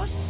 vos?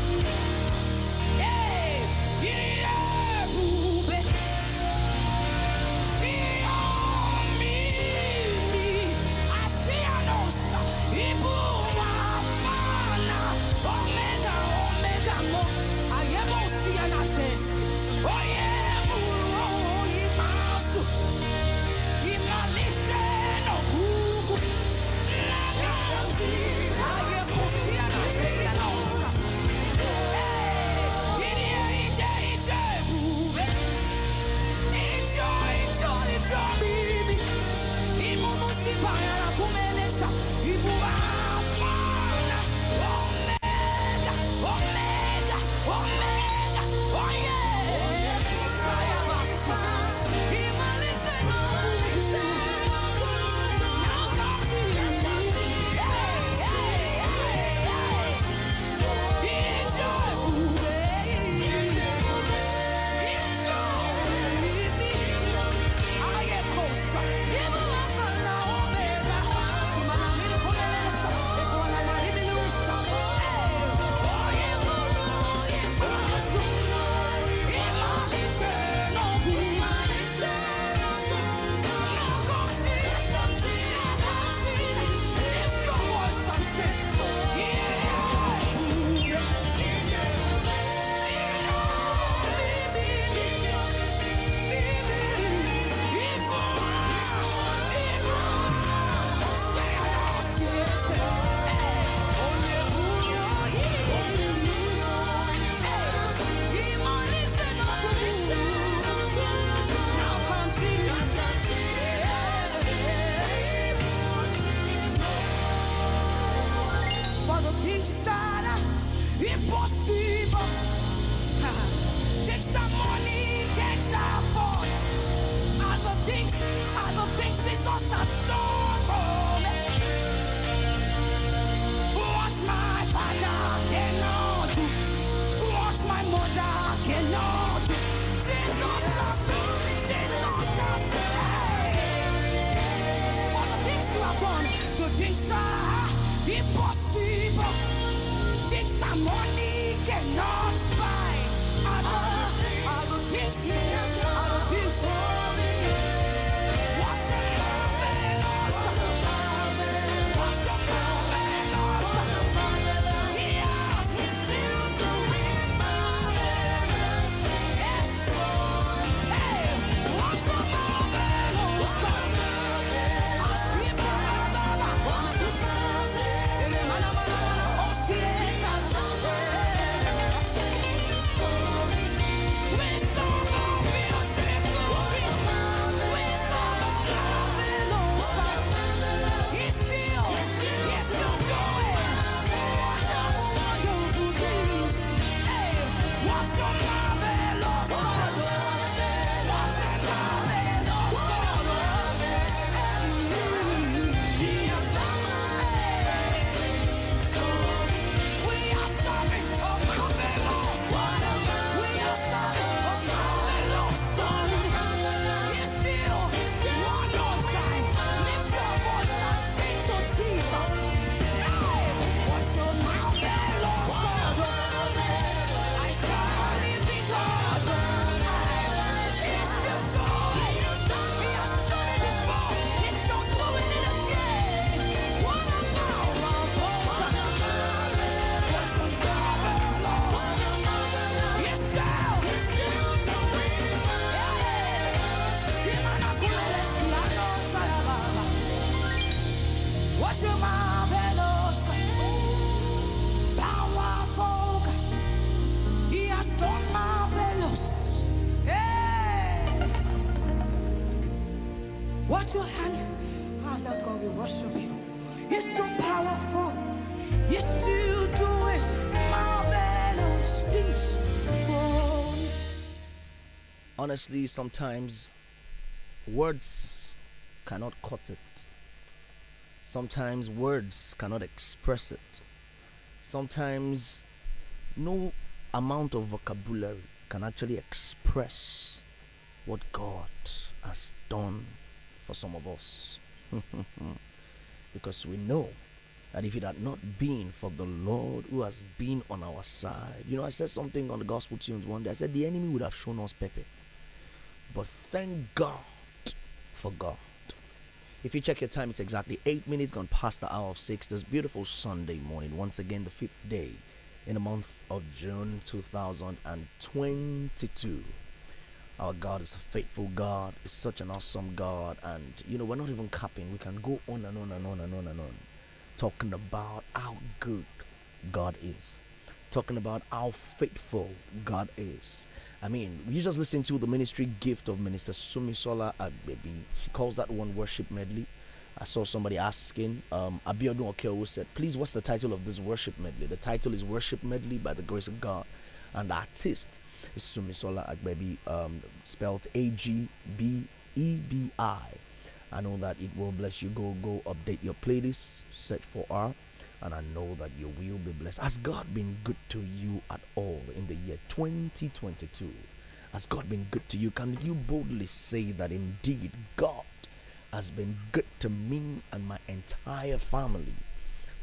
somebody honestly, sometimes words cannot cut it. Sometimes words cannot express it. Sometimes no amount of vocabulary can actually express what God has done for some of us. because we know that if it had not been for the Lord who has been on our side, you know, I said something on the gospel tunes one day. I said the enemy would have shown us Pepe. But thank God for God. If you check your time, it's exactly eight minutes gone past the hour of six this beautiful Sunday morning. Once again, the fifth day in the month of June 2022. Our God is a faithful God, is such an awesome God, and you know, we're not even capping. We can go on and on and on and on and on talking about how good God is, talking about how faithful God is. I mean, you just listen to the ministry gift of Minister Sumisola Agbebi. She calls that one worship medley. I saw somebody asking, um, Abiodun Okeowo said, please, what's the title of this worship medley? The title is Worship Medley by the Grace of God. And the artist is Sumisola Agbebi, um, spelled A-G-B-E-B-I. I know that it will bless you. Go, go update your playlist, search for R and I know that you will be blessed. Has God been good to you at all in the year 2022? Has God been good to you? Can you boldly say that indeed God has been good to me and my entire family?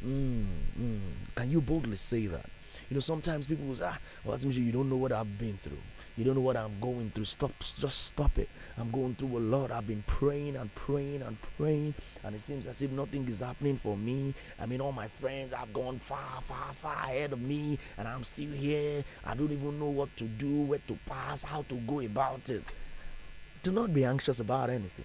Mm, mm. Can you boldly say that? You know, sometimes people will say, ah, well, that's you don't know what I've been through. You don't know what I'm going through. Stop, just stop it. I'm going through a lot. I've been praying and praying and praying, and it seems as if nothing is happening for me. I mean, all my friends have gone far, far, far ahead of me, and I'm still here. I don't even know what to do, where to pass, how to go about it. Do not be anxious about anything.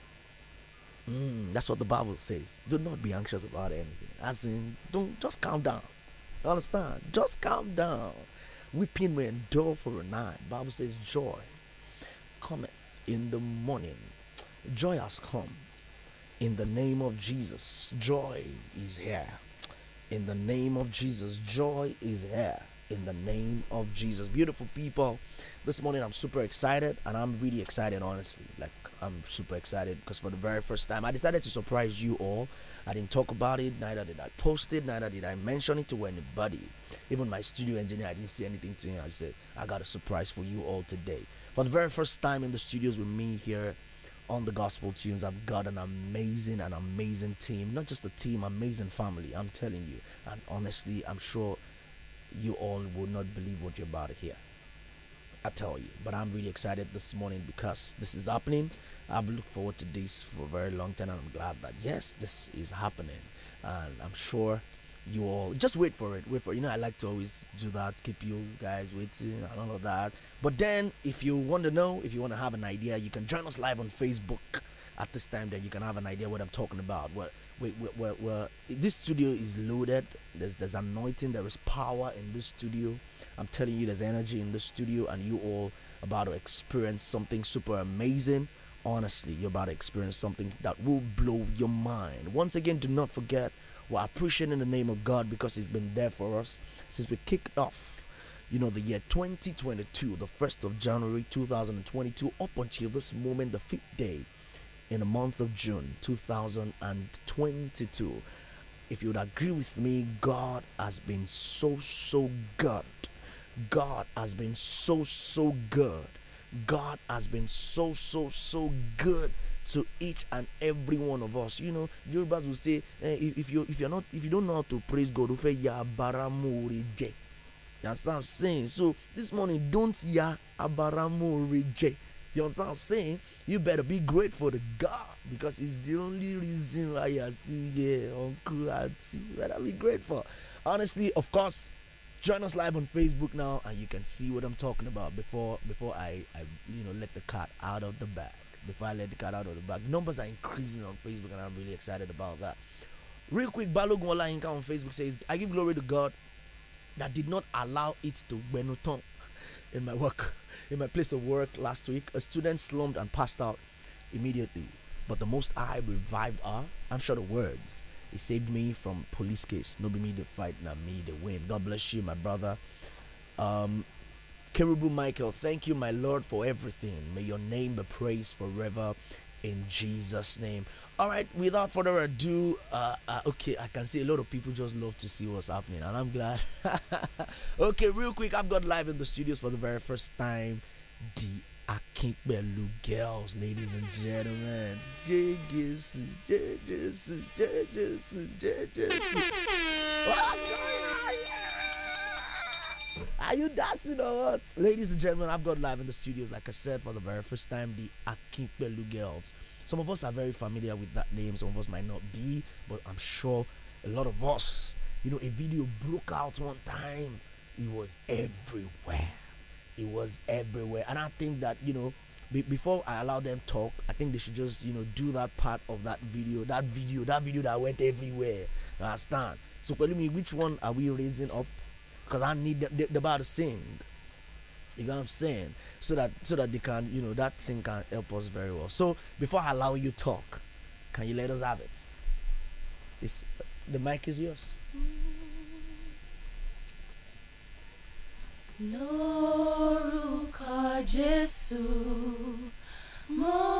Mm, that's what the Bible says. Do not be anxious about anything. As in, don't just calm down. Understand? Just calm down. Weeping may endure for a night. Bible says joy cometh in the morning. Joy has come. In the name of Jesus, joy is here. In the name of Jesus, joy is here. In the name of Jesus. Beautiful people, this morning I'm super excited and I'm really excited, honestly. Like, I'm super excited because for the very first time, I decided to surprise you all. I didn't talk about it, neither did I post it, neither did I mention it to anybody. Even my studio engineer, I didn't say anything to him. I said, I got a surprise for you all today. For the very first time in the studios with me here on the Gospel Tunes, I've got an amazing, an amazing team. Not just a team, amazing family, I'm telling you. And honestly, I'm sure you all will not believe what you're about to hear. I tell you. But I'm really excited this morning because this is happening. I've looked forward to this for a very long time, and I'm glad that yes, this is happening. And I'm sure you all just wait for it. Wait for it. you know I like to always do that, keep you guys waiting and all of that. But then, if you want to know, if you want to have an idea, you can join us live on Facebook at this time. Then you can have an idea what I'm talking about. What we, we, we, this studio is loaded. There's there's anointing. There is power in this studio. I'm telling you, there's energy in the studio, and you all about to experience something super amazing. Honestly, you're about to experience something that will blow your mind. Once again, do not forget we're appreciating the name of God because He's been there for us since we kicked off. You know, the year 2022, the 1st of January 2022, up until this moment, the fifth day in the month of June 2022. If you would agree with me, God has been so, so good. God has been so, so good. God has been so, so, so good to each and every one of us. You know, Yorubas will say, eh, if, if you if you're not if you don't know how to praise God, ufe ya You understand what I'm saying? So this morning, don't ya abaramu reje. You understand what I'm saying? You better be grateful to God because it's the only reason why you're still here, Uncle Auntie. You better be grateful. Honestly, of course, Join us live on Facebook now, and you can see what I'm talking about before before I, I you know let the cat out of the bag. Before I let the cat out of the bag, numbers are increasing on Facebook, and I'm really excited about that. Real quick, Balogunola Inka on Facebook says, "I give glory to God that did not allow it to Benotong in my work, in my place of work last week. A student slumped and passed out immediately, but the Most High revived her. I'm sure the words." He saved me from police case. No be me the fight, not me the win. God bless you, my brother. Um, Kerubu Michael, thank you, my Lord, for everything. May your name be praised forever in Jesus' name. All right, without further ado, uh, uh, okay, I can see a lot of people just love to see what's happening, and I'm glad. okay, real quick, I've got live in the studios for the very first time. The I keep that little gals, ladies and gentlemen. Jiggies, jiggies, jiggies, jiggies. What's going on? Are you dancing or what? Ladies and gentlemen, I've got live in the studios, like I said, for the very first time, the Akinpelu Girls. Some of us are very familiar with that name, some of us might not be, but I'm sure a lot of us, you know, a video broke out one time, it was everywhere it was everywhere. And I think that, you know, be, before I allow them talk, I think they should just, you know, do that part of that video, that video, that video that went everywhere. i understand? So, tell me, which one are we raising up? Because I need them, they, are about to sing. You know what I'm saying? So that so that they can, you know, that thing can help us very well. So before I allow you talk, can you let us have it? It's, the mic is yours. Lord. Jesus, more.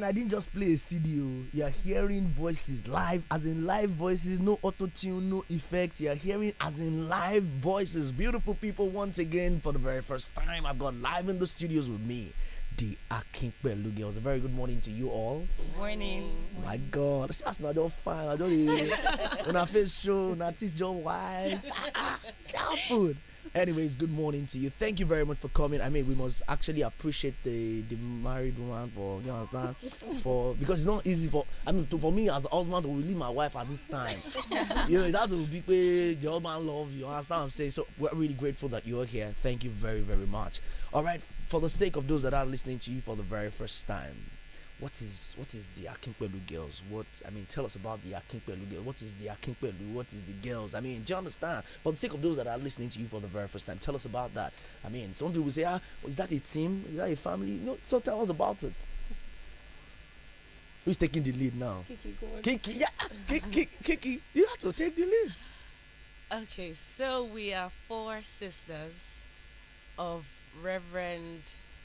man, I didn't just play a CD. Oh. You're hearing voices live, as in live voices, no auto tune, no effect. You're hearing as in live voices. Beautiful people, once again, for the very first time, I've got live in the studios with me. The Akinpelu girls. A very good morning to you all. Morning. my God. See, that's not your fine. I don't even. When I face show, when I teach John wives. See our food. Anyways, good morning to you. Thank you very much for coming. I mean, we must actually appreciate the the married woman for you understand for because it's not easy for I mean to, for me as a husband to leave my wife at this time. you know that will be way the man love. You understand what I'm saying? So we're really grateful that you're here. Thank you very very much. All right, for the sake of those that are listening to you for the very first time, what is what is the Akinpelu girls? What I mean, tell us about the Akinpelu girls. What is the Akinpelu? What is the girls? I mean, do you understand? For the sake of those that are listening to you for the very first time, tell us about that. I mean, some people say, ah, oh, is that a team? Is that a family? No, so tell us about it. Who's taking the lead now? Kiki, go Kiki, yeah, Kiki, Kiki, you have to take the lead. Okay, so we are four sisters of Reverend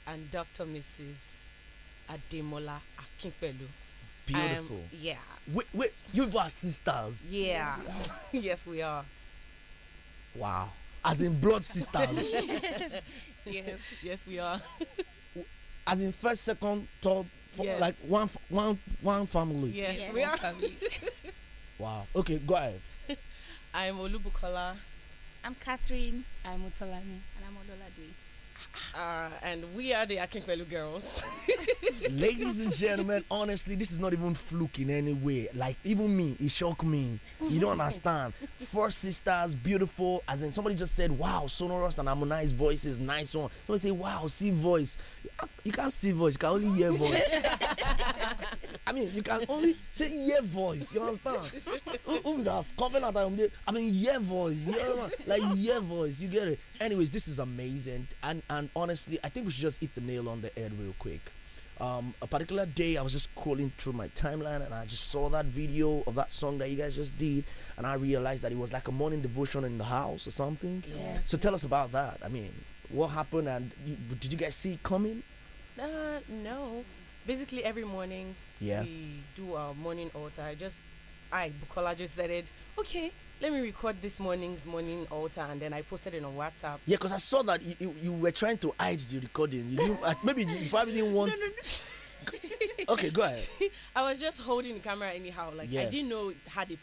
and Dr. Mrs. Ademola Akinpelu. Beautiful. Um, yeah. Wait, wait, you are sisters. Yeah. yes, we are. Wow. As in blood sisters. yes. yes. Yes, we are. As in first, second, third, fourth, yes. like one, one, one family. Yes, yes. we are. wow. Okay, go ahead. I'm Olubukola. I'm Catherine. I'm Utolani. And I'm Ololade. Uh, and we are the Akinkwelu girls. Ladies and gentlemen, honestly, this is not even fluke in any way. Like, even me, it shocked me. You don't understand. Four sisters, beautiful. As in, somebody just said, wow, sonorous and harmonized voices, nice one. Somebody say, wow, see voice. You can't see voice, you can only hear voice. I mean, you can only say hear voice. You understand? Who that? Covenant, I mean, hear voice. Hear, like, hear voice. You get it? anyways, this is amazing. And and honestly, I think we should just hit the nail on the head real quick. Um, a particular day, I was just scrolling through my timeline and I just saw that video of that song that you guys just did, and I realized that it was like a morning devotion in the house or something. Yes. So tell us about that. I mean, what happened and you, did you guys see it coming? Uh, no. Basically, every morning yeah. we do our morning altar. I just, I Bukola just said it. Okay, let me record this morning's morning altar and then I posted it on WhatsApp. Yeah, because I saw that you, you, were trying to hide the recording. You uh, maybe you probably didn't want. No, no, no. okay, go ahead. I was just holding the camera anyhow. Like yeah. I didn't know it had a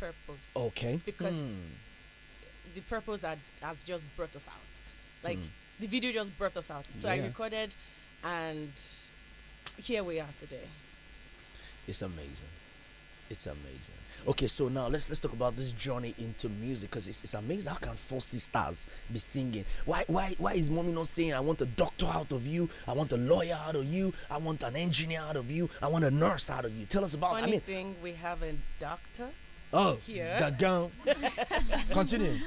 purpose. Okay. Because mm. the purpose had, has just brought us out. Like mm. the video just brought us out. So yeah. I recorded, and here we are today. It's amazing. It's amazing. Okay, so now let's let's talk about this journey into music because it's, it's amazing. How can four sisters be singing? Why why why is mommy not saying I want a doctor out of you, I want a lawyer out of you, I want an engineer out of you, I want a nurse out of you? Tell us about. Funny I mean, thing, we have a doctor. Oh, here. Gagan. Continue.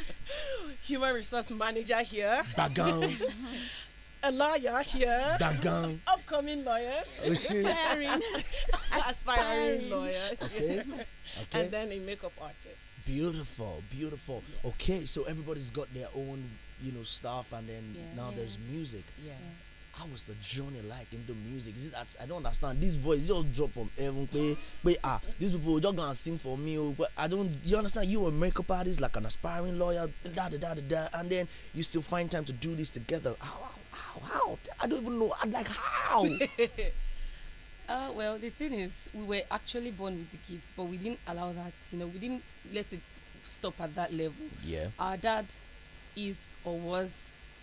Human resource manager here. Gagan. a lawyer here. Upcoming lawyer. Aspiring. Aspiring lawyer. Okay. Okay. and then a makeup artist. Beautiful, beautiful. Yeah. Okay, so everybody's got their own, you know, stuff, and then yeah. now yeah. there's music. Yeah. How was the journey like into music? Is it that I don't understand? This voice just dropped from heaven. Wait, ah, these people just gonna sing for me. Oh, but I don't. You understand? You were makeup artist, like an aspiring lawyer, da da da da and then you still find time to do this together. How, how? How? I don't even know. I'm like, how? uh, well, the thing is, we were actually born with the gift, but we didn't allow that. You know, we didn't let it stop at that level. Yeah. Our dad is or was,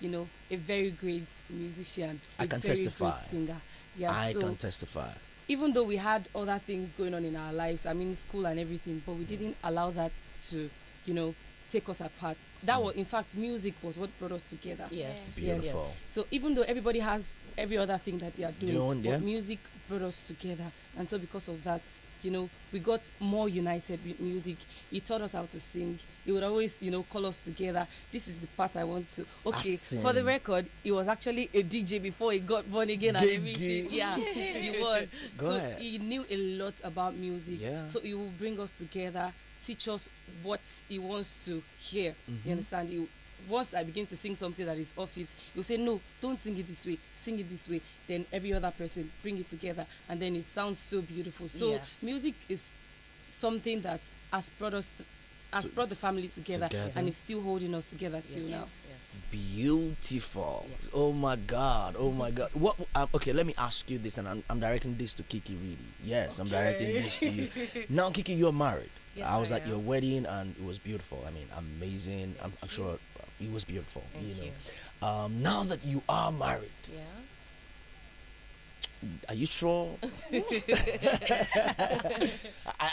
you know, a very great musician. I can testify. singer. Yeah. I so can testify. Even though we had other things going on in our lives, I mean, school and everything, but we mm. didn't allow that to, you know, take us apart. That mm. was, in fact, music was what brought us together. Yes, beautiful. Yes. So even though everybody has every other thing that they are doing, Doing, yeah. but music brought us together, and so because of that, you know, we got more united with music. He taught us how to sing. He would always, you know, call us together. This is the part I want to. Okay, for the record, he was actually a DJ before he got born again and everything. Yeah, he was. Go so ahead. he knew a lot about music. Yeah. So he would bring us together teach us what he wants to hear. Mm -hmm. You mm-hmm. understand? once I begin to sing something that is off it, you say, No, don't sing it this way, sing it this way. Then every other person bring it together, and then it sounds so beautiful. So, yeah. music is something that has brought us, has to brought the family together, together, and is still holding us together yes. till now. Yes. Beautiful. Yeah. Oh my God. Oh my God. What? Um, okay, let me ask you this, and I'm, I'm directing this to Kiki really. Yes, okay. I'm directing this to you. now, Kiki, you're married. Yes, I was I at am. your wedding and it was beautiful. I mean, amazing. I'm, I'm, sure it was beautiful. Thank you know. You. Um, now that you are married. Yeah. Are you sure?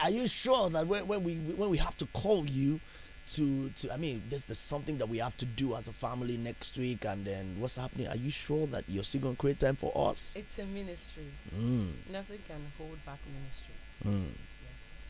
are you sure that when, when, we when we have to call you to to I mean, this is something that we have to do as a family next week, and then what's happening? Are you sure that you're still going to create time for us? It's a ministry. Mm. Nothing can hold back ministry. Mm.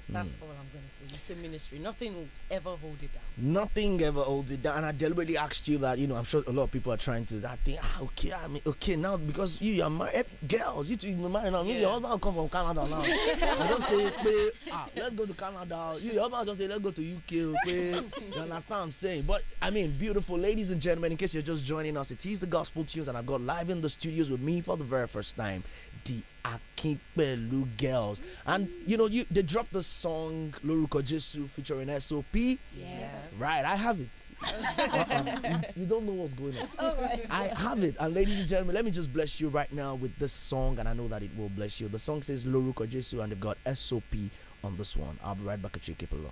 That's mm. all I'm going to say. It's a ministry. Nothing will ever hold it down. Nothing ever holds it down. And I deliberately asked you that. You know, I'm sure a lot of people are trying to that thing. Ah, okay, I mean, okay, now because you, are married, eh, girls, you two, you're married now. Yeah. Your husband will come from Canada now. I just say, ah, let's go to Canada. You, your husband just say, let's go to UK. Okay, You understand what I'm saying? But I mean, beautiful ladies and gentlemen, in case you're just joining us, it is the Gospel Tunes, and I've got live in the studios with me for the very first time, The Akinpelu Girls. And you know, you they dropped the song Loruko Jesu featuring SOP. Yes. Right, I have it. Uh-uh, you, you, don't know what's going on. Oh I have it. And ladies and gentlemen, let me just bless you right now with this song, and I know that it will bless you. The song says Loruko Jesu, and they've got SOP on this one. I'll be right back at you, Kipolo.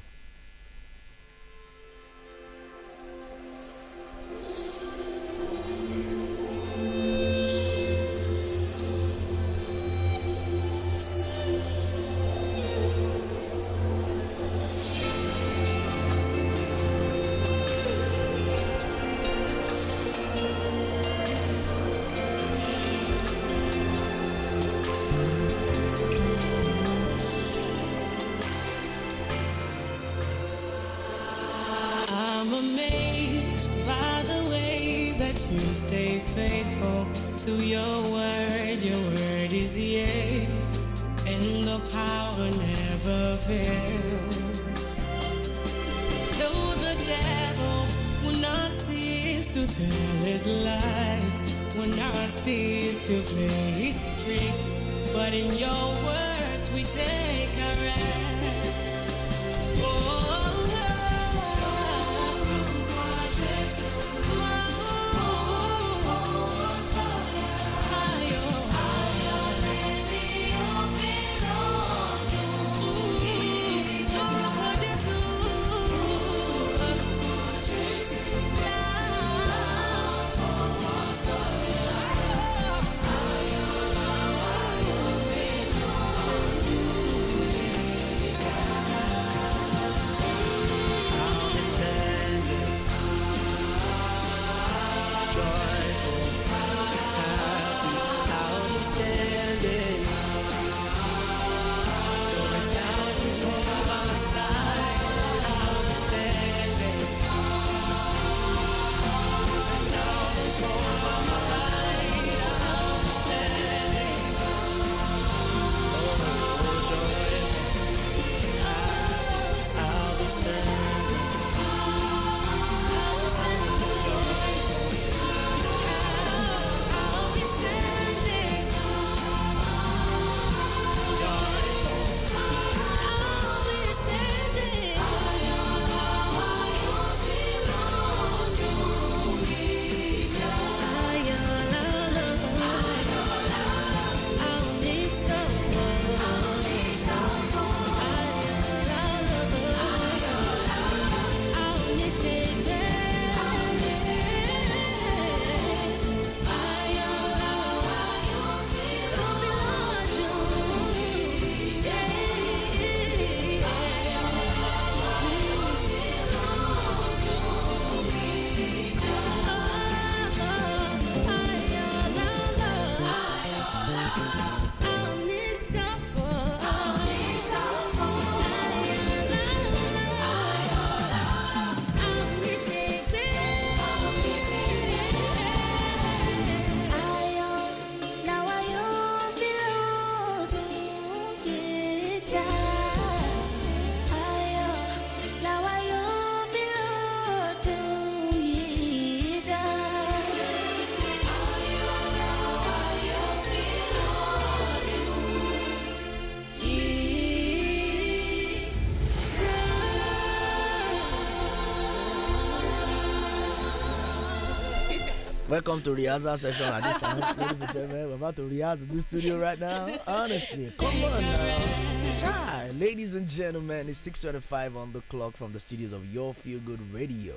Welcome to Riaza session at this time. Ladies and gentlemen, we're about to Riaza the studio right now. Honestly, come on now. Try. Ladies and gentlemen, it's 6.25 on the clock from the studios of Your Feel Good Radio.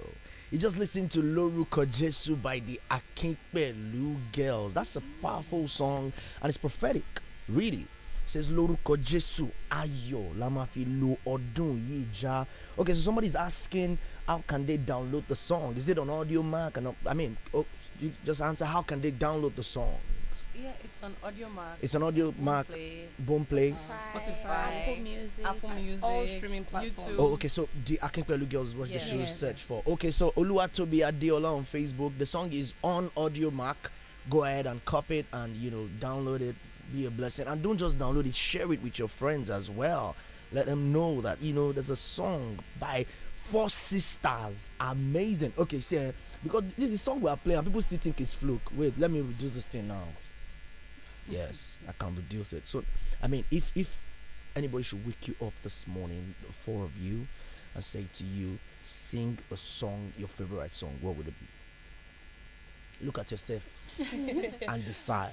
You just listened to Loru Kojesu by the Akinpelu Girls. That's a powerful song and it's prophetic. Really. says lórúkọ jésù ayọ̀ la máa fi lo ọdún yija. okay so somebody's asking how can they download the song is it on audio mark and uh, i mean oh, you just answer how can they download the song? Yeah, it's an audio mark. It's an audio boom mark. Play, boom play. Uh, Spotify, Apple Music, Apple Music, all streaming platforms. YouTube. Oh, okay. So the Akinpelu girls what yes. they should yes. search for. Okay, so Oluwatobi Adeola on Facebook. The song is on audio mark. Go ahead and copy it and you know download it. Be a blessing and don't just download it. Share it with your friends as well. Let them know that you know there's a song by Four Sisters. Amazing. Okay, see. So, because this is song we are playing and people still think it's fluke. Wait, let me reduce this thing now. Yes, I can reduce it. So, I mean, if if anybody should wake you up this morning, the four of you, and say to you, sing a song, your favorite song, what would it be? look at yourself and decide.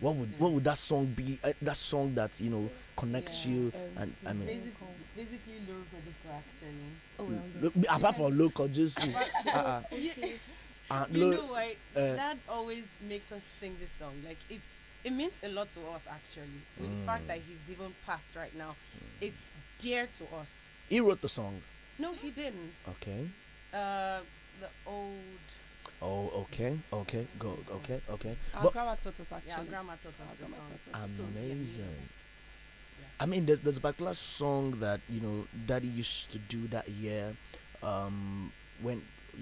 What would yeah. what would that song be? Uh, that song that you know connects yeah, you um, and I mean. Basically, basically local just actually. Oh, well, mm, apart from local just. uh-uh. you know why? Uh, that always makes us sing this song. Like it's it means a lot to us actually. With mm. the fact mm. that he's even passed right now, mm. it's dear to us. He wrote the song. No, he didn't. Okay. Uh, the old Oh, okay, okay, go, okay, okay. Our but grandma taught us actually. Yeah, grandma taught us the song. Amazing. Yes. I mean, there's, there's a particular song that you know Daddy used to do that year um, when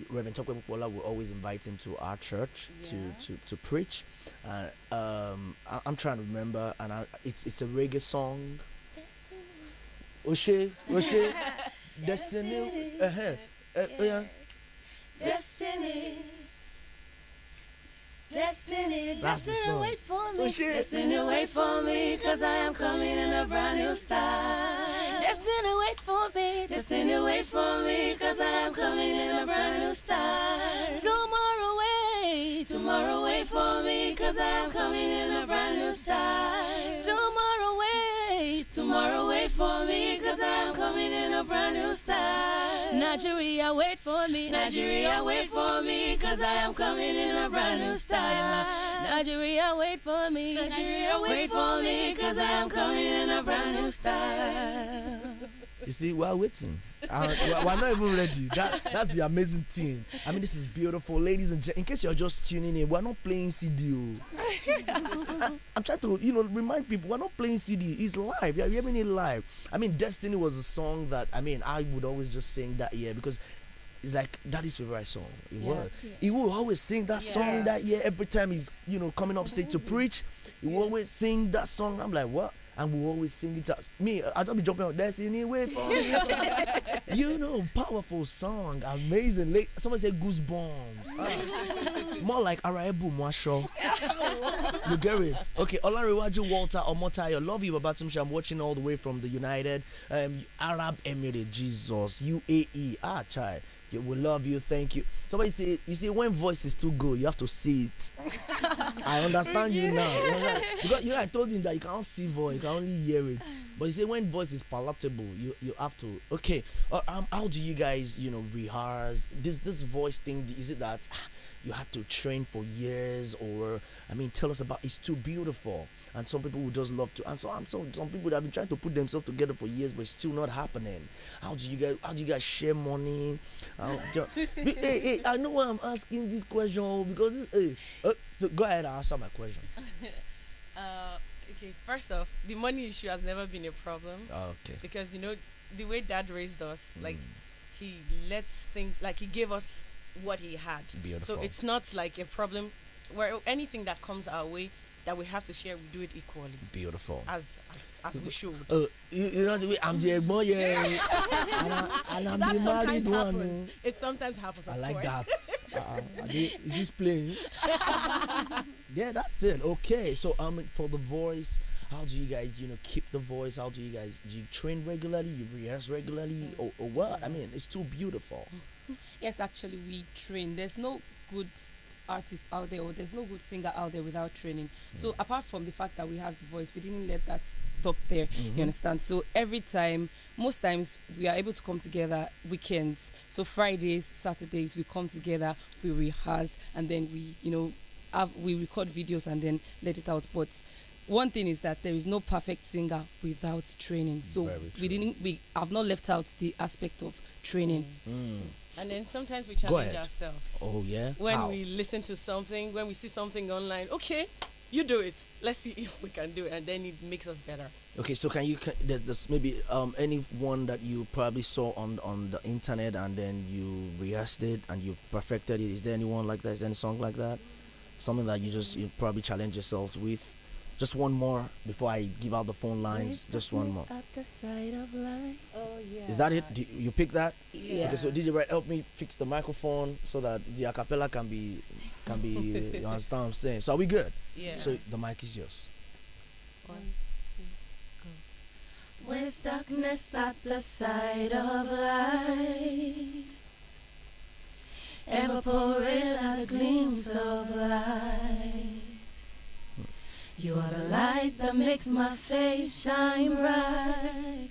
Reverend Tokwe Popola would always invite him to our church yeah. to, to, to preach. Uh, um, I, am trying to remember, and I, it's it's a reggae song. Destiny. Oshe, Oshe, Destiny. Uh-huh. Uh, oh, yeah. Destiny. Destiny, destiny, wait for me. Oh, Destiny, wait for me, cause I am coming in a brand new style. Destiny, wait for me. Destiny, wait for me, cause I am coming in a brand new style. Tomorrow, wait. Tomorrow, wait for me, cause I am coming in a brand new style. Tomorrow, tomorrow wait for me cause i'm coming in a brand new style nigeria wait for me nigeria wait for me cause i am coming in a brand new style nigeria wait for me nigeria wait for me cause i am coming in a brand new style you see we are waiting uh, we, are, not even ready that that's the amazing thing i mean this is beautiful ladies and in case you're just tuning in we're not playing cd I, am trying to you know remind people we're not playing cd it's live We are hearing it live i mean destiny was a song that i mean i would always just sing that year because it's like that is favorite song. It yeah, was. He would always sing that song that year every time he's you know coming up stage to preach. He yeah. would always sing that song. I'm like, what? and we always sing it as me. I don't be jumping on destiny way for me. you know, powerful song, amazing. Like, someone said goosebumps. Ah. More like Araebu Mwasho. you get it? Okay, Olariwaju Walter Omotayo, love you, Babatumshi. I'm watching all the way from the United um, Arab Emirates, Jesus, UAE. Ah, child you will love you thank you somebody say you see when voice is too good you have to see it i understand you now you know, because you know, i told him that you can't see voice you can only hear it but you see when voice is palatable you you have to okay uh, um, how do you guys you know rehearse this this voice thing is it that ah, you had to train for years or i mean tell us about it's too beautiful and some people would just love to and so i'm so some people that have been trying to put themselves together for years but it's still not happening how do you guys how do you guys share money how, do, hey, hey, i know why i'm asking this question oh, because hey, uh, so go ahead and answer my question uh, okay first off the money issue has never been a problem ah, okay because you know the way dad raised us mm. like hmm. he lets things like he gave us what he had. Beautiful. So it's not like a problem where anything that comes our way that we have to share, we do it equally. Beautiful. As as, as we should. Uh, you, you know, I'm the boy, yeah. and, I, and I'm the married happens. one. It sometimes happens. I like course. that. Uh, uh-uh. they, is this playing? yeah, that's it. Okay, so um, for the voice, how do you guys, you know, keep the voice? How do you guys, do you train regularly? You rehearse regularly, or, or what? I mean, it's too beautiful yes, actually, we train. There's no good artist out there or there's no good singer out there without training. Mm. So apart from the fact that we have the voice, we didn't let that stop there. Mm -hmm. You mm-hmm. understand? So every time, most times we are able to come together weekends. So Fridays, Saturdays, we come together, we rehearse, and then we, you know, have we record videos and then let it out. But one thing is that there is no perfect singer without training. So we didn't we have not left out the aspect of training. Mm. mm. And then sometimes we challenge ourselves. Oh yeah. When How? we listen to something, when we see something online, okay, you do it. Let's see if we can do it, and then it makes us better. Okay, so can you can, there's, there's maybe um, anyone that you probably saw on on the internet and then you rehearsed it and you perfected it. Is there anyone like that? Is there any song like that? Something that you just you probably challenge yourselves with just one more before I give out the phone lines. Just one more. At the side of Line. Oh, yeah. Is that it? You, you, pick that? Yeah. Okay, so DJ Brad, help me fix the microphone so that the acapella can be, can be. you understand what I'm saying? So are we good? Yeah. So the mic is yours. One, two, go. Where's darkness at the side of light? Ever pouring out a glimpse of light you are the light that makes my face shine bright.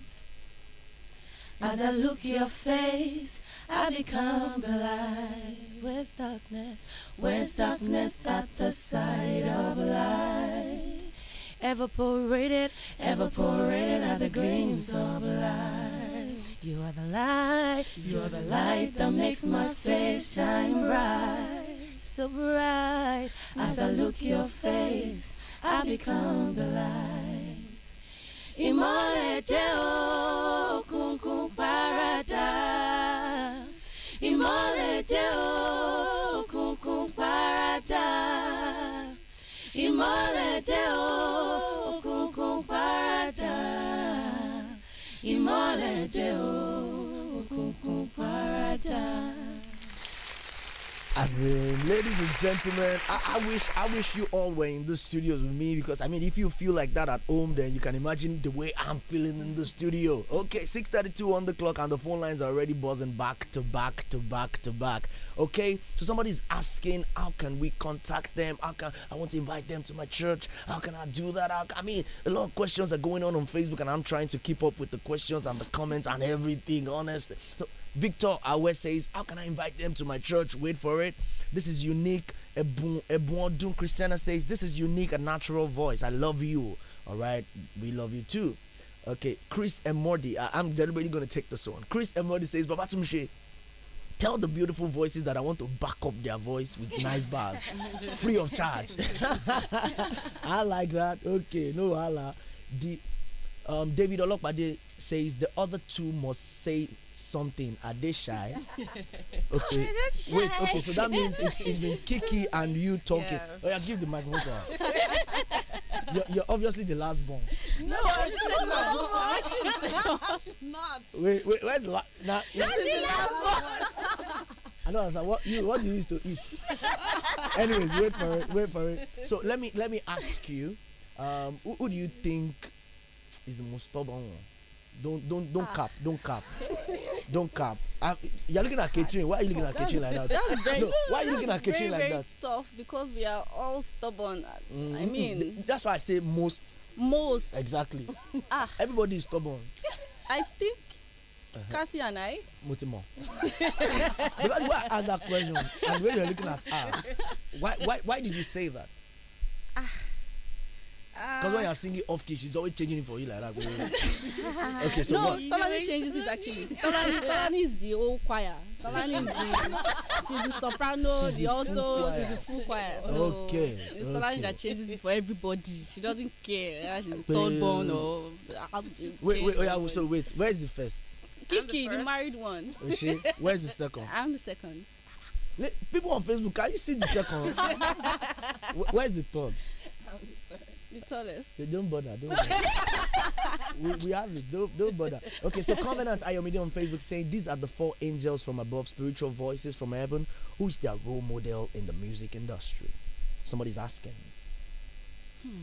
As I look your face, I become the light. Where's darkness? Where's darkness at the sight of light? Evaporated, evaporated are the gleams of light. You are the light, you are the light that makes my face shine bright. So bright as I look your face. I become the light. Imole Ìmọ́lẹ̀ jẹ́ òkùnkùn paradà. Ìmọ́lẹ̀ jẹ́ òkùnkùn paradà. Ìmọ́lẹ̀ jẹ́ òkùnkùn paradà. Ìmọ́lẹ̀ jẹ́ òkùnkùn paradà. as the ladies and gentlemen I, I, wish i wish you all were in the studios with me because i mean if you feel like that at home then you can imagine the way i'm feeling in the studio okay 6.32 on the clock and the phone lines are already buzzing back to back to back to back okay so somebody's asking how can we contact them how can i want to invite them to my church how can i do that how, i mean a lot of questions are going on on facebook and i'm trying to keep up with the questions and the comments and everything honest so Victor Awe says, How can I invite them to my church? Wait for it. This is unique. Ebuadun Christiana says, This is unique, a natural voice. I love you. All right. We love you too. Okay. Chris Emordi. I- am deliberately going to take this one. Chris Emordi says, Babatumshe, tell the beautiful voices that I want to back up their voice with nice bars, free of charge. I like that. Okay. No, Allah. The, um, David Olokpade says the other two must say something. Are they shy? okay. Shy. Wait, okay, so that means it's, it's been Kiki and you talking. Yes. Oh, yeah, give the microphone to her. you're, you're, obviously the last born. No, I'm not. not. Wait, wait, where's the, la nah, the last born? I don't understand what you what you used to eat. Anyways, wait for it, wait for it. So let me let me ask you, um, who, who do you think is the most stubborn one? Don't don't don't ah. cap. Don't cap. don't cap. I'm, you're looking at Catherine. Why are you looking at Catherine like that? That's very, no, why are you looking at Catherine very, like that? tough because we are all stubborn. Mm-hmm. I mean, that's why I say most. Most. Exactly. ah. Everybody is stubborn. I think uh-huh. Kathy and I. Mutimo. because why ask that question and when you're looking at her, why why why did you say that? Ah Because when you are singing off key, she's always changing it for you like that. okay, so no, what? Tolani changes it actually. Tolani, Tolani is the whole choir. Tolani is the she's the soprano, she's the, the alto, she's the full choir. So okay. It's okay. Tolani that changes it for everybody. She doesn't care. Yeah, she's third born or wait, wait, oh wait, so wait, where is the first? Kiki, the, the married one. Oh, is she? Where's the second? I'm the second. People on Facebook, can you see the second? Where's the third? The tallest. They don't bother. Don't bother. we, we have it. Don't, don't bother. Okay, so Covenant Ayomide on Facebook saying these are the four angels from above, spiritual voices from heaven. Who is their role model in the music industry? Somebody's asking. Hmm.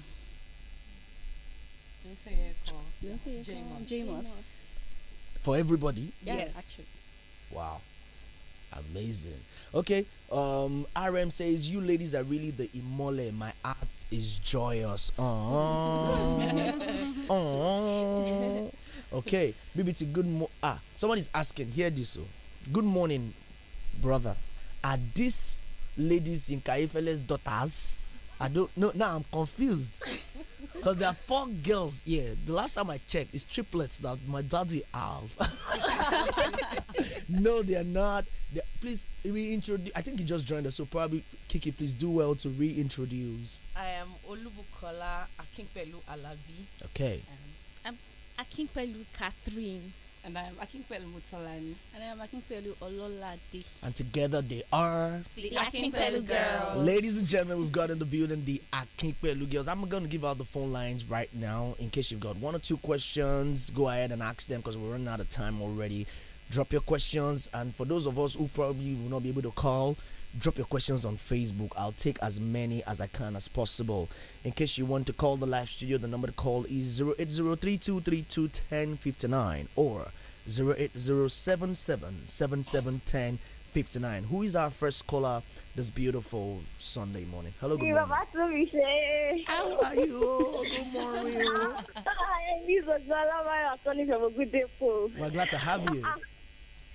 James. For everybody? Yes. yes. Wow. Amazing. Okay. Um, RM says, You ladies are really the Imole my heart is joyous. Aww. Aww. Okay, BBT, good mo ah, is asking, hear this. Oh. Good morning, brother. Are these ladies in Kaifele's daughters? I don't know. Now I'm confused. Because there are four girls here. The last time I checked, it's triplets that my daddy have. no, they are not. They're, please reintroduce. I think he just joined us, so probably Kiki, please do well to reintroduce. I am Olubukola Akinpelu Alabi. Okay. Um, I'm Akinpelu Catherine. And I am Akinpelu Mutalani. And I am Akinpelu Ololade. And together they are the, the Akinpelu Girls. Ladies and gentlemen, we've got in the building the Akinpelu Girls. I'm going to give out the phone lines right now in case you've got one or two questions. Go ahead and ask them because we're running out of time already drop your questions. And for those of us who probably will not be able to call, drop your questions on Facebook. I'll take as many as I can as possible. In case you want to call the live studio, the number to call is 08032321059 or 08077771059. Who is our first caller this beautiful Sunday morning? Hello, good morning. How are you? Good morning. We're glad to have you. Ah,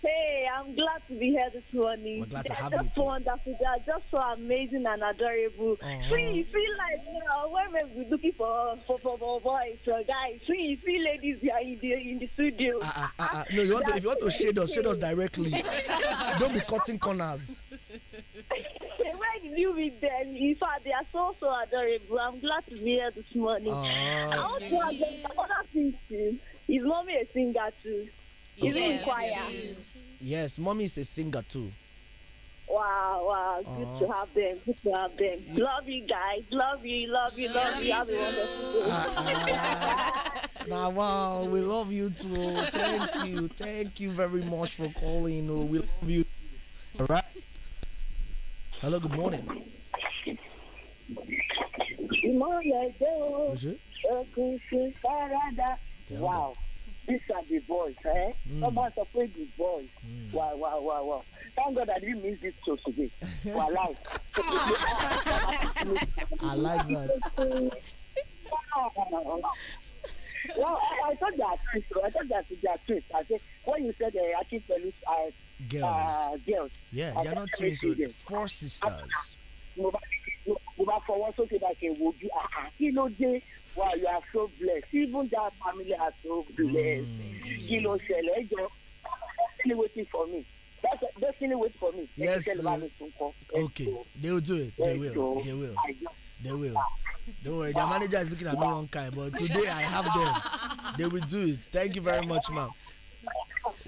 Hey, I'm glad to be here this morning. We're glad to have just you. Just so wonderful. They are just so amazing and adorable. Uh-huh. Free, free like now. Women be looking for for for, for boys, for guys. Free, free ladies are in the in the studio. Uh, uh, uh, no, you want to, if you want to shade us, shade us directly. Don't be cutting corners. Where did you meet them? In fact, they are so so adorable. I'm glad to be here this morning. Uh, I to have them other things too. Is mommy a singer too? Yes. in choir. Yes, mommy is a singer too. Wow, wow. Good uh, to uh-huh. have them. Good to have them. Love you guys. Love you. Love you. Love, love you. Have a wonderful day. Uh, uh, now, wow. We love you too. Thank you. Thank you very much for calling. Oh, we love you. All right. Hello, good morning. Good morning. Wow. these are the boys eh? mm. someone sọ pé the boys mm. wow wow wow wow thank god i didn't miss this show today walai. i like that. well, I, thought they are twins. I thought that they are twins. I said when you said they are twins, uh, girls. Uh, girls. Yeah, I are not twins. So four sisters. mo bá fọwọ́ sókè bá ṣe wojú kí ló dé wow you are so blessed even that family are so blessed You mm. know, ṣẹlẹ̀ ẹ jọ destiny waiting for me that's destiny waiting for me. yes uh, okay they will do it they will they will they will don't worry their manager is looking at me one kind but today I have them they will do it thank you very much ma'am.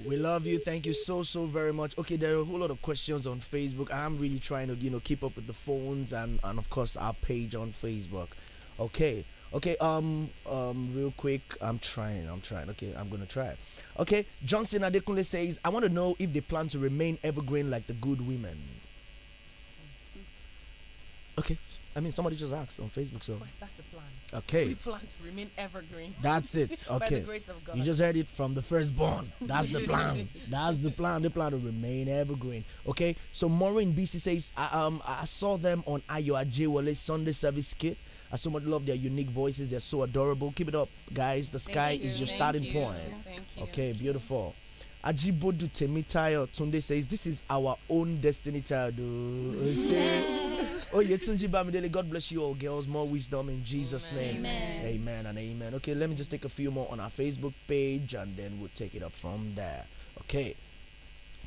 We love you. Thank you so so very much. Okay, there are a whole lot of questions on Facebook. I'm really trying to you know keep up with the phones and and of course our page on Facebook. Okay, Okay, um, um, real quick, I'm trying, I'm trying. Okay, I'm gonna try. Okay, Johnson Adekunle says, I want to know if they plan to remain evergreen like the good women. Okay, I mean, somebody just asked on Facebook, so. Course, that's the plan. Okay. We plan to remain evergreen. That's it. Okay. By the grace of God. You just heard it from the firstborn. That's the plan. that's the plan. They plan to remain evergreen. Okay. So Maureen BC says, I, um, I saw them on Ayo Ajewale Sunday service kit so much love their unique voices. They're so adorable. Keep it up, guys. The sky you, is your starting you, point. You, okay, beautiful. Ajibodu Temitayo Tunde says, This is our own destiny child. Okay. oh, Yetunji Bamidele, God bless you all, girls. More wisdom in Jesus' amen. name. Amen. amen and amen. Okay, let me just take a few more on our Facebook page and then we'll take it up from there. Okay.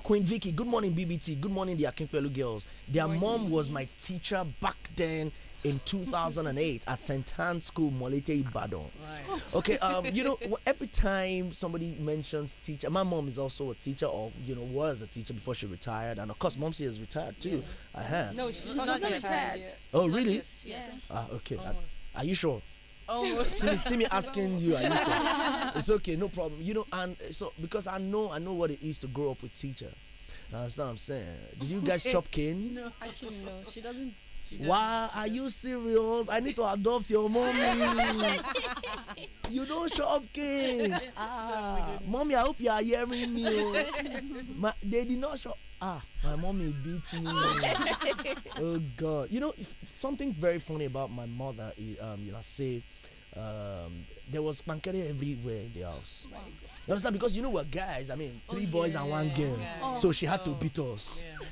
Queen Vicky, good morning, BBT. Good morning, the Akinpelu girls. Their morning. mom was my teacher back then in 2008 at St. Anne's School, Molite Ibadan. Right. Okay, um, you know, every time somebody mentions teacher, my mom is also a teacher or, you know, was a teacher before she retired. And of course, mom is retired too. Yeah. have. Uh-huh. No, she's, she's not, not, retired. retired. Oh, really? Yeah. Ah, okay. Uh, are you sure? Almost. see, me, see me asking you, are you sure? it's okay, no problem. You know, and uh, so because I know, I know what it is to grow up with teacher. That's what I'm saying. Did you guys chop cane? No, actually no. She doesn't wow are you serious i need to adopt your mommy you don up, king ah mommy i hope you are hearing me o oh. my they did not show. ah my mommy beat me oh, oh god you know something very funny about my mother is um, you know say um, there was pancake everywhere in the house. Oh you understand? Because you know we're guys. I mean, three oh, boys yeah. and one girl. Yeah. Oh, so she had to beat us. Yeah.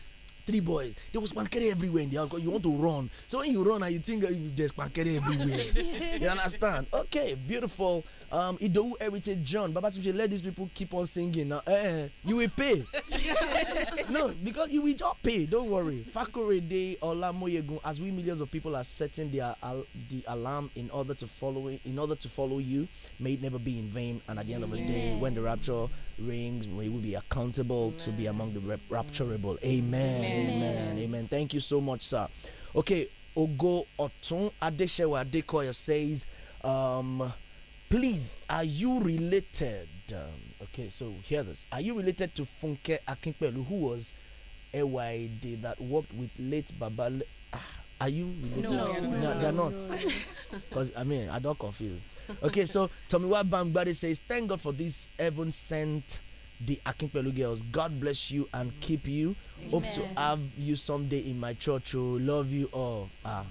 three boys there was pankere everywhere in the house you want to run so when you run and you think uh, there's pankere everywhere you understand okay beautiful um, Idowu Heritage John, Babatunde, let these people keep on singing. Now, eh, eh you will pay. no, because you will just pay. Don't worry. Fakore Day Olamoyegun, as we millions of people are setting their al the alarm in order to follow in order to follow you, may it never be in vain. And at the end of the day, when the rapture rings, we will be accountable Amen. to be among the rapturable. Amen. Amen. Amen. Amen. Thank you so much, sir. Okay, Ogo Otun Adeshewa Adekoya says. Um, Please, are you related? Um, okay, so hear this. Are you related to Funke Akinpelu, who was AYD that worked with late Babal? Ah, are you related? No, no, no, no they're not. Because, I mean, I don't confuse. Okay, so what Bangbari says, Thank God for this heaven sent the Akinpelu girls. God bless you and keep you. Amen. Hope to have you someday in my church. Oh, love you all. Ah.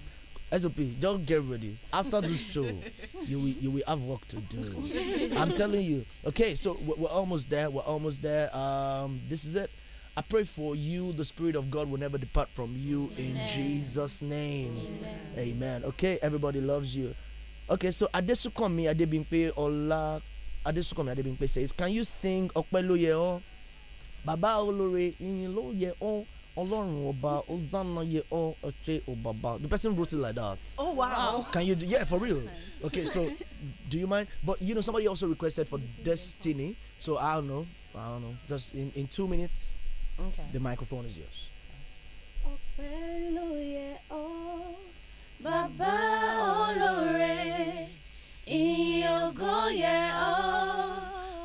SOP, not get ready. After this show, you will, you will have work to do. I'm telling you. Okay, so we're almost there. We're almost there. Um, this is it. I pray for you. The Spirit of God will never depart from you Amen. in Jesus' name. Amen. Amen. Okay, everybody loves you. Okay, so Adesukomi Adebimpe Ola Adesukomi Adebimpe says, Can you sing Okpeloye O? Baba Olore Yin Loye O. Ọlọ́run ọba Ye ọ ọ̀ṣẹ́ ọ̀bàbà. The person wrote it like that. Oh wow. wow. Can you do, yeah for real? Okay so do you mind? But you know somebody also requested for Destiny. So I don't know. I don't know. Just in, in two minutes. Okay. The microphone is yours. bàbá yẹ ọ́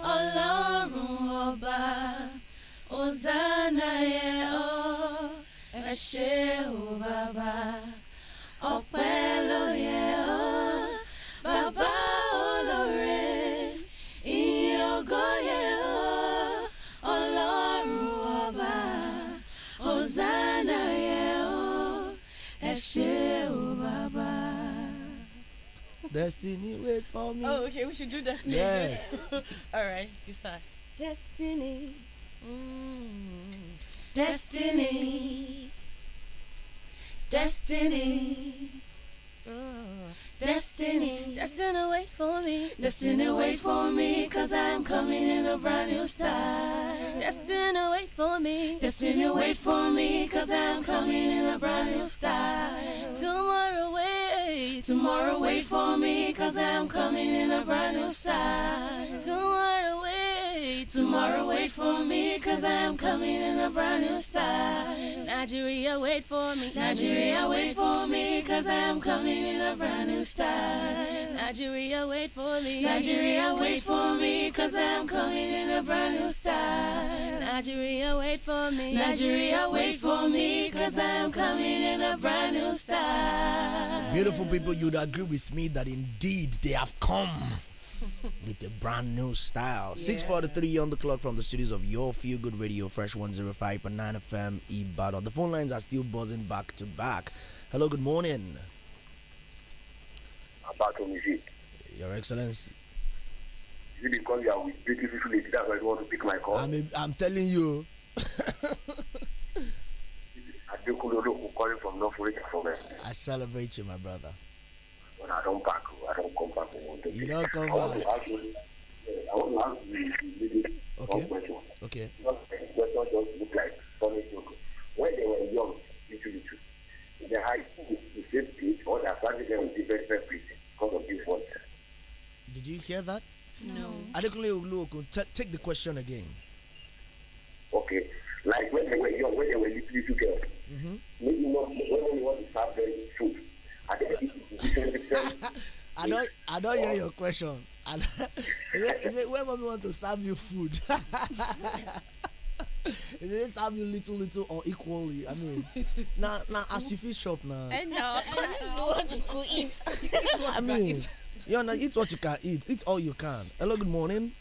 Ọlọ́run ọba yẹ ẹ o bàbá ọpẹ́ ló yẹ ọ́ bàbá olóore ìyìn ògo yẹ ọ́ ọlọ́run ọba hosanna yẹ ọ́ ẹ ṣé o baba oloore iyin ogo ye o olorun oba ye o baba Destiny, wait for me. Oh, okay, we should do Destiny. Yes. All right, you start. Destiny. Mm. Destiny. Destiny. Destiny. Destiny, wait for me. Destiny, wait for me, cause I'm coming in a brand new style. Destiny, wait for me. Destiny, wait for me, cause I'm coming in a brand new style. Tomorrow, wait. Tomorrow, wait for me, cause I'm coming in a brand new style. Tomorrow, wait. Tomorrow wait for me, cause I am coming in a brand new style. Nigeria wait for me. Nigeria wait for me, cause I am coming in a brand new style. Nigeria wait for me. Nigeria wait for me, cause I am coming in a brand new style. Nigeria wait for me. Nigeria wait for me, cause I am coming in a brand new style. Beautiful people, you'd agree with me that indeed they have come with the brand new style. Yeah. 643 on the clock from the studios of Your Feel Good Radio, Fresh 105.9 FM, Ibadan. The phone lines are still buzzing back to back. Hello, good morning. Your Excellency. Is it because you are with beautiful lady that's why you want to pick my call? I mean, I'm telling you. I do call you from North Africa for me. I celebrate you, my brother. But I don't back I don't come back You don't come back. I want to ask you, I want to ask you okay. question. Okay. Because not just look like funny joke. When they were young, utility, the high school the same page or the them with different preferences because of this one. Did you hear that? No. take the question again. Okay. Like when they were young, when they were little, little girls, mm -hmm. maybe not, when they want to serve them food, and they eat I don't I don't hear your question. I where mommy want to serve you food? Is it serve you little little or equally? I mean, now now as you fish shop now. And now what you could eat. I mean, you know, eat what you can eat. Eat all you can. Hello, good morning.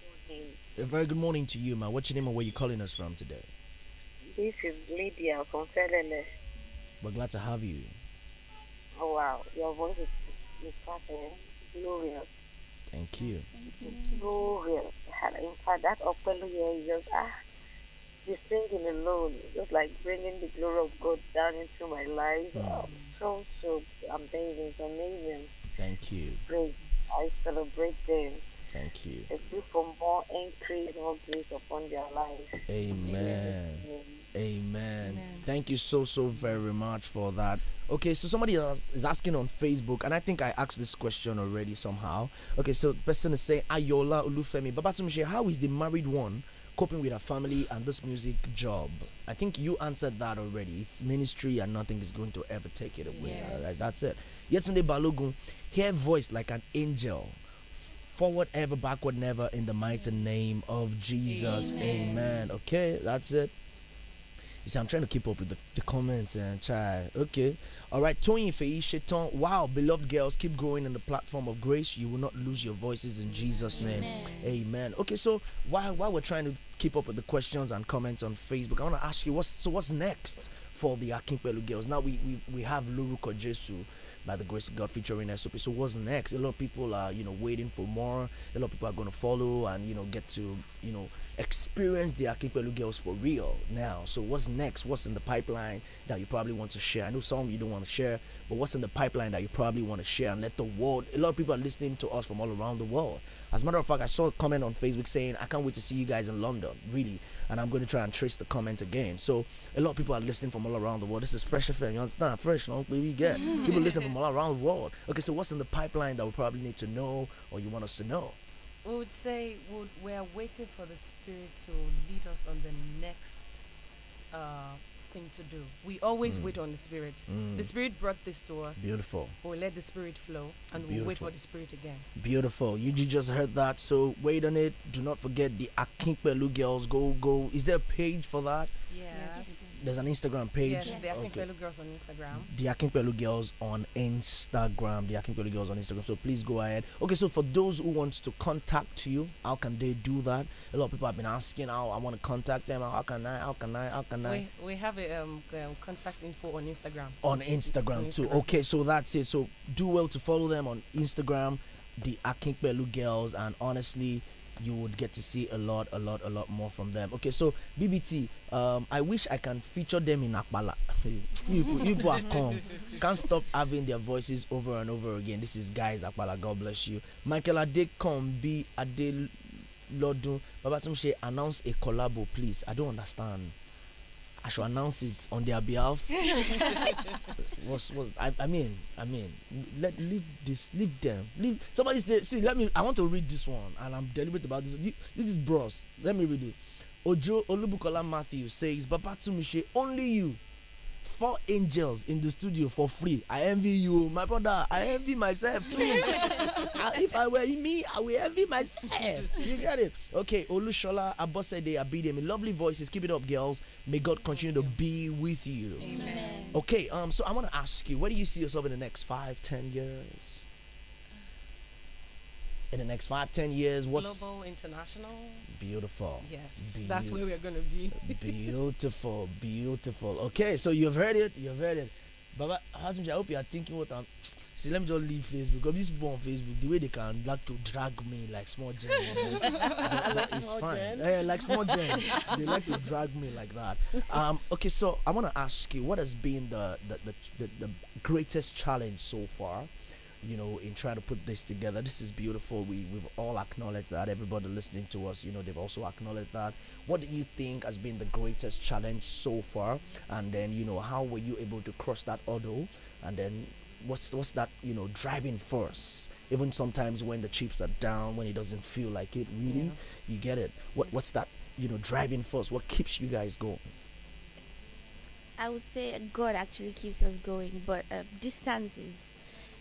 Good morning. A very good morning to you, ma. What's your name and where you calling us from today? This is Lydia from Felene. We're glad to have you. Oh wow, your voice is, is cracking. Glorious. Thank you. Thank you. Glorious. In fact, that upper layer just ah, the singing alone, just like bringing the glory of God down into my life. Wow. Hmm. Oh, so so amazing, amazing. Thank you. Great. I celebrate them. Thank you. Receive from more increase more grace upon their lives. Amen. Amen. Amen. Thank you so so very much for that. Okay, so somebody is asking on Facebook, and I think I asked this question already somehow. Okay, so the person is saying Ayola Olufemi Babatunde, how is the married one coping with her family and this music job? I think you answered that already. It's ministry, and nothing is going to ever take it away. Yes. that's it. Yetunde Balogun, hear voice like an angel forward ever, backward never, in the mighty name of Jesus. Amen. Amen. Okay, that's it. You see, I'm trying to keep up with the, the comments and try. Okay. All right. Toyin Fei Wow, beloved girls, keep growing in the platform of grace. You will not lose your voices in Jesus' name. Amen. Amen. Okay, so while while we're trying to keep up with the questions and comments on Facebook, I want to ask you what's so what's next for the Akinpelu girls? Now we we, we have Luruko Jesu by the grace of God featuring SOP. So what's next? A lot of people are you know waiting for more. A lot of people are going to follow and you know get to you know experience the Akipelu girls for real now. So what's next? What's in the pipeline that you probably want to share? I know some you don't want to share, but what's in the pipeline that you probably want to share and let the world? A lot of people are listening to us from all around the world. As a matter of fact, I saw a comment on Facebook saying, "I can't wait to see you guys in London." Really, and I'm going to try and trace the comment again. So a lot of people are listening from all around the world. This is Fresh FM. You understand? Fresh, no? We get people listen from all around the world. Okay, so what's in the pipeline that we probably need to know or you want us to know? We would say we are waiting for the Spirit to lead us on the next uh, thing to do. We always mm. wait on the Spirit. Mm. The Spirit brought this to us. Beautiful. we oh, let the Spirit flow and we wait for the Spirit again. Beautiful. You just heard that. So wait on it. Do not forget the Akinkpelu girls. Go, go. Is there a page for that? Yes. yes there's an Instagram page. Yes, yes. the Akinpelu okay. Girls on Instagram. The Akinpelu Girls on Instagram. The Akinpelu Girls on Instagram. So please go ahead. Okay, so for those who want to contact you, how can they do that? A lot of people have been asking how I want to contact them. How can I? How can I? How can I? We, we have a um, um, contact info on Instagram. On, so Instagram, on Instagram too. Okay, so that's it. So do well to follow them on Instagram, the Akinpelu Girls, and honestly you would get to see a lot, a lot, a lot more from them. Okay, so BBT, um, I wish I can feature them in Akbala. people, people have come. Can't stop having their voices over and over again. This is Guys Akbala, God bless you. Michael Adekombi Adelodun Babatunde announced a collabo, please. I don't understand. I should announce it on their behalf. was was I, I mean I mean let leave this leave them leave somebody say see let me I want to read this one and I'm deliberate about this this is bros let me read it Ojo Olubukola Matthew says Babatunde only you four angels in the studio for free I envy you my brother I envy myself too. if I were me, I would envy myself. You get it? Okay, Olushola Abosede Abidemi. Lovely voices. Keep it up, girls. May God continue to be with you. Amen. Okay, um, so I want to ask you, where do you see yourself in the next five, ten years? in the next five, ten years, what's global, international? Beautiful. Yes, Be that's where we're gonna be. beautiful, beautiful. Okay, so you've heard it, you've heard it. Baba, I hope you are thinking what I'm see let me just leave facebook because this people on facebook the way they can like to drag me like small gen that is fine yeah, like small gen they like to drag me like that um okay so i want to ask you what has been the the, the the, the greatest challenge so far you know in trying to put this together this is beautiful we we've all acknowledged that everybody listening to us you know they've also acknowledged that what do you think has been the greatest challenge so far and then you know how were you able to cross that hurdle and then what's what's that you know driving force even sometimes when the chips are down when it doesn't feel like it really yeah. you get it what what's that you know driving force what keeps you guys going i would say god actually keeps us going but uh, distance is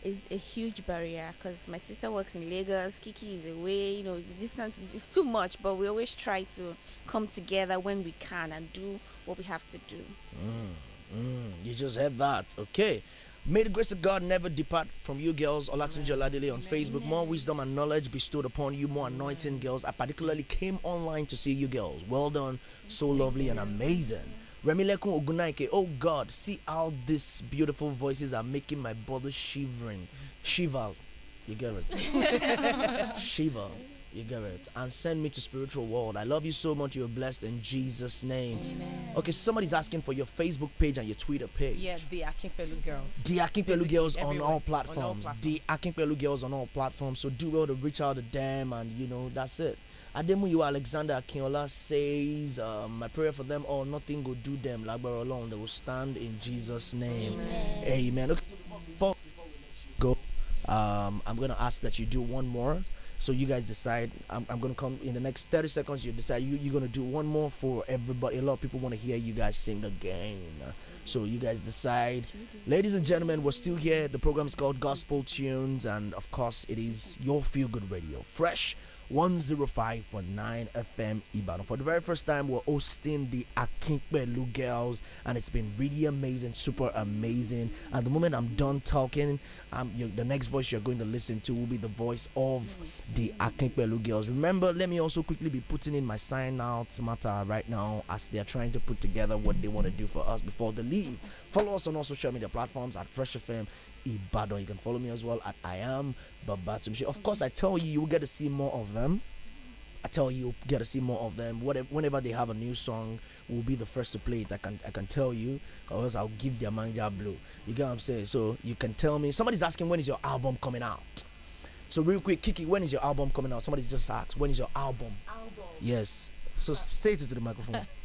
is a huge barrier because my sister works in Lagos, Kiki is away, you know, the distance is, is, too much, but we always try to come together when we can and do what we have to do. Mm, mm, you just heard that. Okay. May the grace of God never depart from you, girls. Olatunji Oladele on Facebook. More wisdom and knowledge bestowed upon you, more anointing, girls. I particularly came online to see you, girls. Well done, so lovely and amazing. Remilekun Ogunaike, oh God, see how these beautiful voices are making my body shivering. Shiva, You get it? Shiva. You get it? And send me to spiritual world. I love you so much. You're blessed in Jesus' name. Amen. Okay, somebody's asking for your Facebook page and your Twitter page. Yeah, the Akinpelu Girls. The Akinpelu Girls on all platforms. On all The Akinpelu Girls on all platforms. So do well to reach out to them, and you know that's it. you Alexander Akinola says, uh, My prayer for them all, nothing will do them. Labor alone, they will stand in Jesus' name. Amen. Amen. Okay, so before, before go, um, I'm going to ask that you do one more. So you guys decide. I'm, I'm gonna come in the next 30 seconds. You decide. You you're gonna do one more for everybody. A lot of people want to hear you guys sing again. So you guys decide. Ladies and gentlemen, we're still here. The program is called Gospel Tunes, and of course, it is your feel good radio, fresh 105.9 FM Ibadan. For the very first time, we're hosting the Akinpelu Girls, and it's been really amazing, super amazing. At the moment I'm done talking, um, the next voice you're going to listen to will be the voice of the Akinpelu Girls. Remember, let me also quickly be putting in my sign out matter right now as they're trying to put together what they want to do for us before they leave. Follow us on all social media platforms at Fresh FM Ibadan. You can follow me as well at I am Babatunde. Of course, I tell you, you'll get to see more of them. I tell you, get to see more of them. Whatever, whenever they have a new song, we'll be the first to play it. I can, I can tell you, or else I'll give their manager blue. You get what I'm saying? So you can tell me. Somebody's asking when is your album coming out. So real quick, Kiki, when is your album coming out? Somebody just asked when is your album. Album. Yes. So say it to the microphone.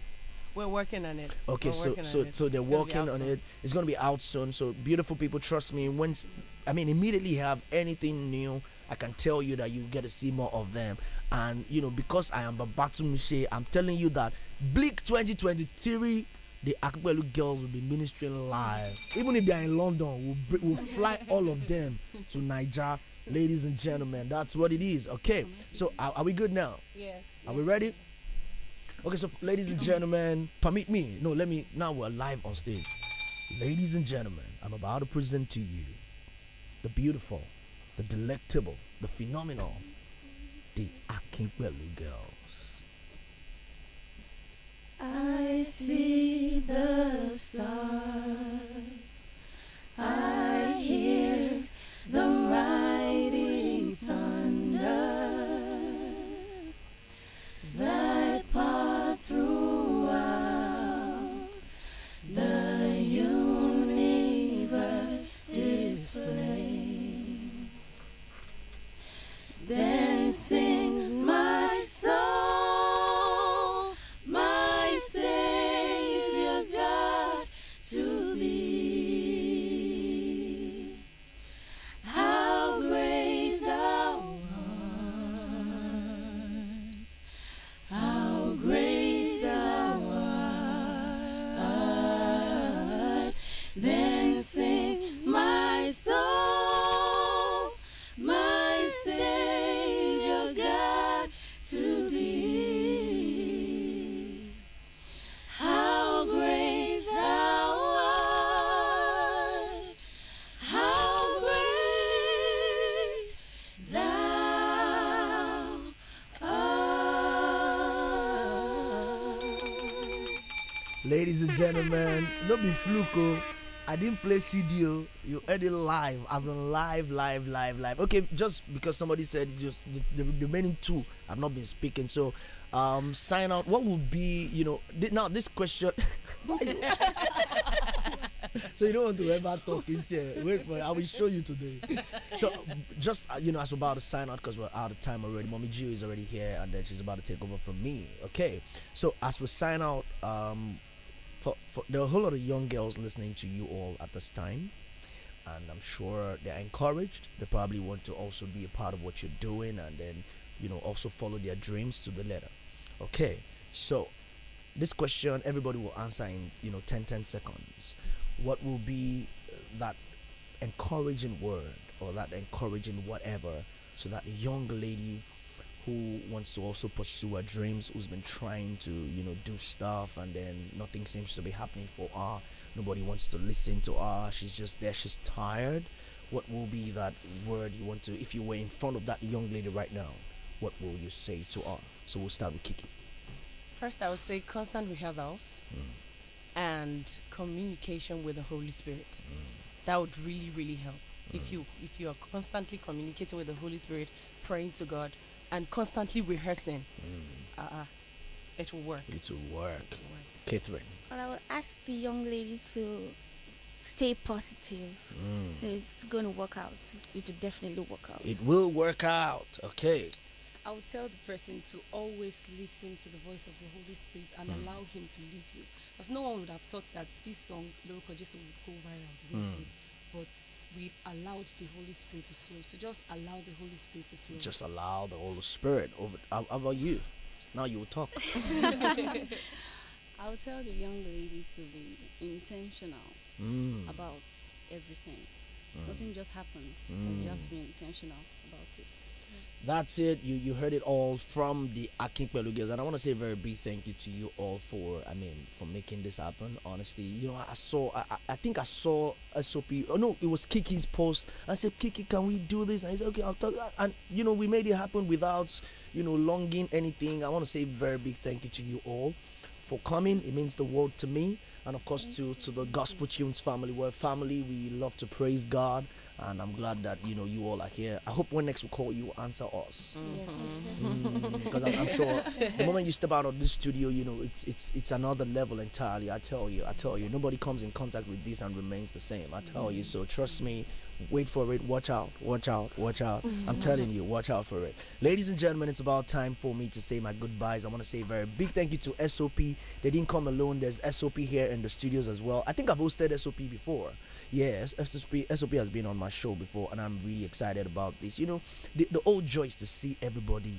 We're working on it. Okay, so so so they're it's working on it. It's gonna be out soon. So beautiful people, trust me. Once I mean, immediately have anything new, I can tell you that you get to see more of them. And you know, because I am Babatu Miche, I'm telling you that Bleak 2023 the Akpelu girls will be ministering live. Even if they are in London, we'll, we'll fly all of them to Nigeria, ladies and gentlemen. That's what it is. Okay, so are, are we good now? Yeah. Are we ready? Okay, so ladies and gentlemen, permit me. No, let me. Now we're live on stage. Ladies and gentlemen, I'm about to present to you the beautiful, the delectable, the phenomenal, the Akinwelu girls. I see the stars. I Ladies and gentlemen, no be fluke. Oh. I didn't play CDO. Oh. You heard it live, as in live, live, live, live. Okay, just because somebody said just the, the remaining two have not been speaking. So, um, sign out. What would be, you know, th now this question. so you don't want to ever talk into it. Wait for it. I will show you today. So just uh, you know, as about to sign out because we're out of time already. Mommy G is already here, and then she's about to take over from me. Okay. So as we sign out, um, for, for there are a whole lot of young girls listening to you all at this time and I'm sure they're encouraged. They probably want to also be a part of what you're doing and then, you know, also follow their dreams to the letter. Okay, so this question everybody will answer in, you know, 10 10 seconds. What will be that encouraging word or that encouraging whatever so that young lady who wants to also pursue her dreams, who's been trying to, you know, do stuff and then nothing seems to be happening for her. Nobody wants to listen to her. She's just there. She's tired. What will be that word you want to, if you were in front of that young lady right now, what will you say to her? So we'll start with Kiki. First, I would say constant rehearsals mm. and communication with the Holy Spirit. Mm. That would really, really help. Mm. If you if you are constantly communicating with the Holy Spirit, praying to God, and constantly rehearsing, mm. Uh, uh, it will work. It will work. It will work. Catherine. Well, I will ask the young lady to stay positive. Mm. It's going to work out. It will definitely work out. It will work out. Okay. I will tell the person to always listen to the voice of the Holy Spirit and mm. allow Him to lead you. Because no one would have thought that this song, Lorico Jesus, would go viral mm. But we allowed the Holy Spirit to flow. So just allow the Holy Spirit to flow. Just allow the Holy Spirit over. How, how about you? Now you will talk. I'll tell the young lady to be intentional mm. about everything. Mm. Nothing just happens. Mm. You have to be intentional. That's it. You you heard it all from the pelu girls, and I want to say a very big thank you to you all for I mean for making this happen. Honestly, you know I saw I, I think I saw SOP. Oh no, it was Kiki's post. I said Kiki, can we do this? And he said okay, I'll talk. And you know we made it happen without you know longing anything. I want to say a very big thank you to you all for coming. It means the world to me, and of course to to the Gospel Tunes family. We're family. We love to praise God and I'm glad that you know you all are here. I hope when next we call you answer us because mm-hmm. mm, I'm, I'm, sure the moment you step out of this studio, you know it's it's it's another level entirely. I tell you, I tell you, nobody comes in contact with this and remains the same. I tell you, so trust me. Wait for it. Watch out. Watch out. Watch out. I'm telling you, watch out for it. Ladies and gentlemen, it's about time for me to say my goodbyes. I want to say a very big thank you to SOP. They didn't come alone. There's SOP here in the studios as well. I think I've hosted SOP before yeah, SOP, SOP has been on my show before, and I'm really excited about this. You know, the, the old joy is to see everybody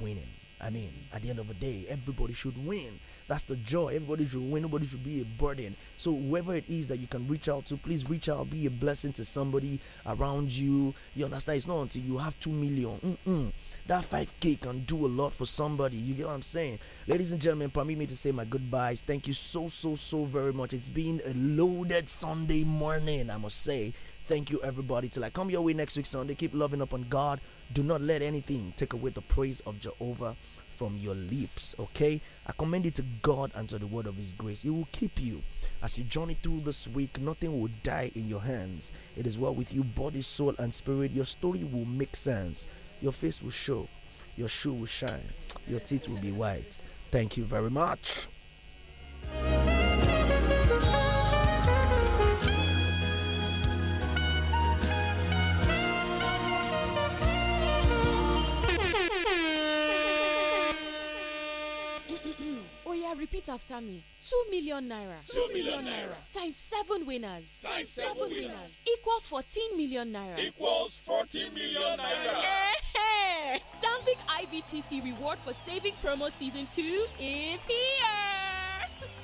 winning. I mean, at the end of the day, everybody should win. That's the joy. Everybody should win. Nobody should be a burden. So whoever it is that you can reach out to, please reach out. Be a blessing to somebody around you. You understand? It's not until you have two million. Mm-mm that five k can do a lot for somebody you get what i'm saying ladies and gentlemen permit me to say my goodbyes thank you so so so very much it's been a loaded sunday morning i must say thank you everybody till i come your way next week sunday keep loving up on god do not let anything take away the praise of jehovah from your lips. Okay, I commend it to God and to the word of His grace. He will keep you as you journey through this week. Nothing will die in your hands. It is well with you, body, soul, and spirit. Your story will make sense. Your face will show, your shoe will shine, your teeth will be white. Thank you very much. Repeat after me. 2 million naira. 2 million naira. Times 7 winners. Times 7, seven winners. winners. Equals 14 million naira. Equals 14 million naira. Eh, eh. IBTC reward for saving promo season 2 is here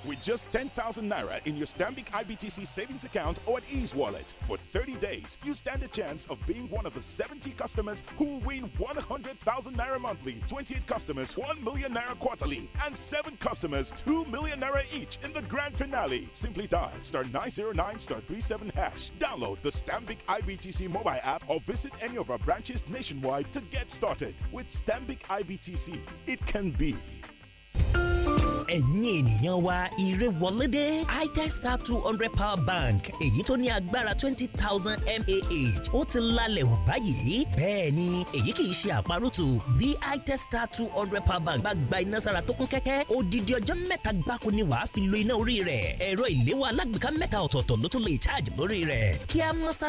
with just 10,000 Naira in your Stambik IBTC savings account or at Ease Wallet. For 30 days, you stand a chance of being one of the 70 customers who win 100,000 Naira monthly, 28 customers 1 million Naira quarterly, and 7 customers 2 million Naira each in the grand finale. Simply dial star 909 star 37 hash. Download the Stambik IBTC mobile app or visit any of our branches nationwide to get started. With Stambik IBTC, it can be. ẹ̀yin ènìyàn wa ire wọlé dé itech star two hundred power bank èyí tó ní agbára twenty thousand mAh ó ti lálẹ̀ wò báyìí bẹ́ẹ̀ ni èyí kì í ṣe àparùtù bí itech star two hundred power bank bá gba iná sára tó kún kẹ́kẹ́ odidi ọjọ́ mẹ́ta gbáko ni wàá fi lo iná orí rẹ̀ ẹ̀rọ ìléwọ́ alágbèéká mẹ́ta ọ̀tọ̀ọ̀tọ̀ ló tún lè charge lórí rẹ̀ kí a mọ́